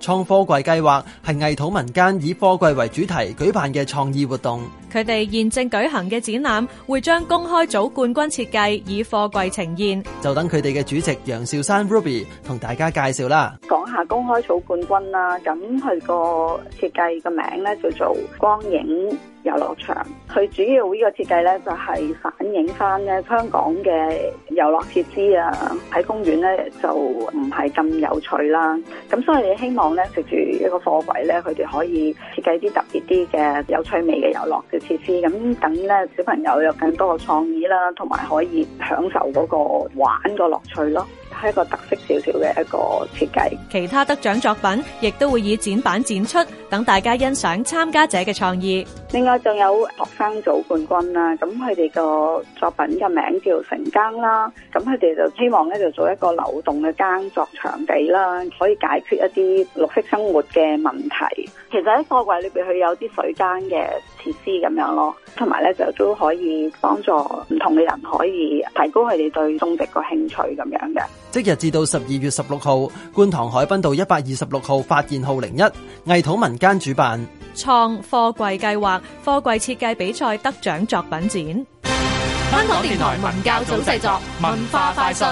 創貨櫃計劃係藝土民間以貨櫃為主題舉辦嘅創意活動。佢哋現正舉行嘅展覽會將公開組冠軍設計以貨櫃呈現。就等佢哋嘅主席楊少山 Ruby 同大家介紹啦。講下公開組冠軍啦，咁佢個設計個名咧叫做光影遊樂場。佢主要呢個設計咧，就係反映翻咧香港嘅遊樂設施啊，喺公園咧就唔係咁有趣啦。咁所以你希望咧，食住一個貨櫃咧，佢哋可以設計啲特別啲嘅有趣味嘅遊樂設設施，咁等咧小朋友有更多嘅創意啦，同埋可以享受嗰個玩個樂趣咯，係一個特色少少嘅一個設計。其他得獎作品亦都會以展板展出。等大家欣賞參加者嘅創意，另外仲有學生組冠軍啦，咁佢哋個作品嘅名叫成耕啦，咁佢哋就希望咧就做一個流動嘅耕作場地啦，可以解決一啲綠色生活嘅問題。其實喺貨櫃裏邊佢有啲水耕嘅設施咁樣咯，同埋咧就都可以幫助唔同嘅人可以提高佢哋對種植個興趣咁樣嘅。即日至到十二月十六號，觀塘海濱道一百二十六號發現號零一泥土文，間主辦創貨櫃計劃貨櫃設計比賽得獎作品展。香港電台文教組製作，文化快訊。